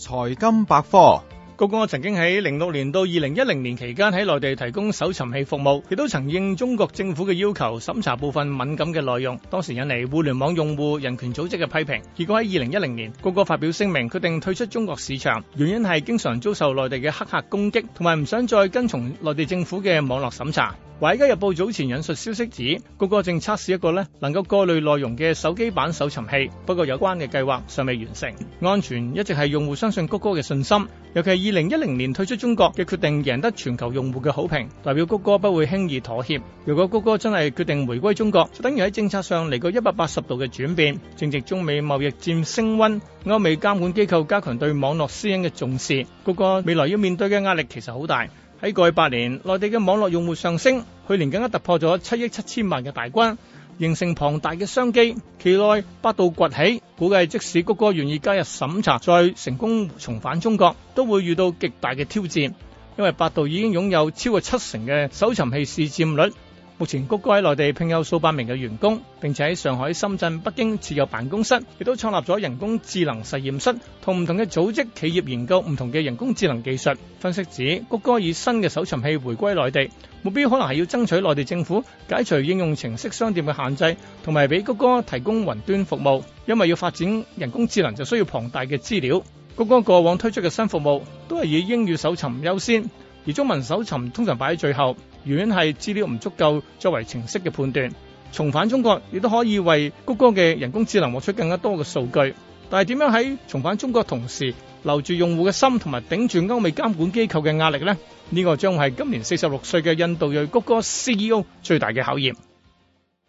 財金百科，谷歌曾經喺零六年到二零一零年期間喺內地提供搜尋器服務，亦都曾應中國政府嘅要求審查部分敏感嘅內容，當時引嚟互聯網用戶、人權組織嘅批評。結果喺二零一零年，谷歌發表聲明，決定退出中國市場，原因係經常遭受內地嘅黑客攻擊，同埋唔想再跟從內地政府嘅網絡審查。華爾街日報早前引述消息指，谷歌正測試一個能夠過濾內容嘅手機版搜尋器，不過有關嘅計劃尚未完成。安全一直係用戶相信谷歌嘅信心，尤其係二零一零年退出中國嘅決定贏得全球用戶嘅好評，代表谷歌不會輕易妥協。如果谷歌真係決定回歸中國，就等於喺政策上嚟個一百八十度嘅轉變，正值中美貿易戰升溫。歐美監管機構加強對網絡私隱嘅重視，谷歌未來要面對嘅壓力其實好大。喺過去八年，內地嘅網絡用戶上升，去年更加突破咗七億七千萬嘅大關，形成龐大嘅商機。期內百度崛起，估計即使谷歌願意加入審查，再成功重返中國，都會遇到極大嘅挑戰，因為百度已經擁有超過七成嘅搜尋器市佔率。目前谷歌喺內地聘有數百名嘅員工，並且喺上海、深圳、北京設有辦公室，亦都創立咗人工智能實驗室，同唔同嘅組織企業研究唔同嘅人工智能技術。分析指，谷歌以新嘅搜尋器回歸內地，目標可能係要爭取內地政府解除應用程式商店嘅限制，同埋俾谷歌提供雲端服務。因為要發展人工智能，就需要龐大嘅資料。谷歌過往推出嘅新服務都係以英語搜尋優先。而中文搜尋通常擺喺最後，原因係資料唔足夠作為程式嘅判斷。重返中國亦都可以為谷歌嘅人工智能獲取更加多嘅數據，但係點樣喺重返中國同時留住用戶嘅心，同埋頂住歐美監管機構嘅壓力呢？呢個將係今年四十六歲嘅印度裔谷歌 CEO 最大嘅考驗。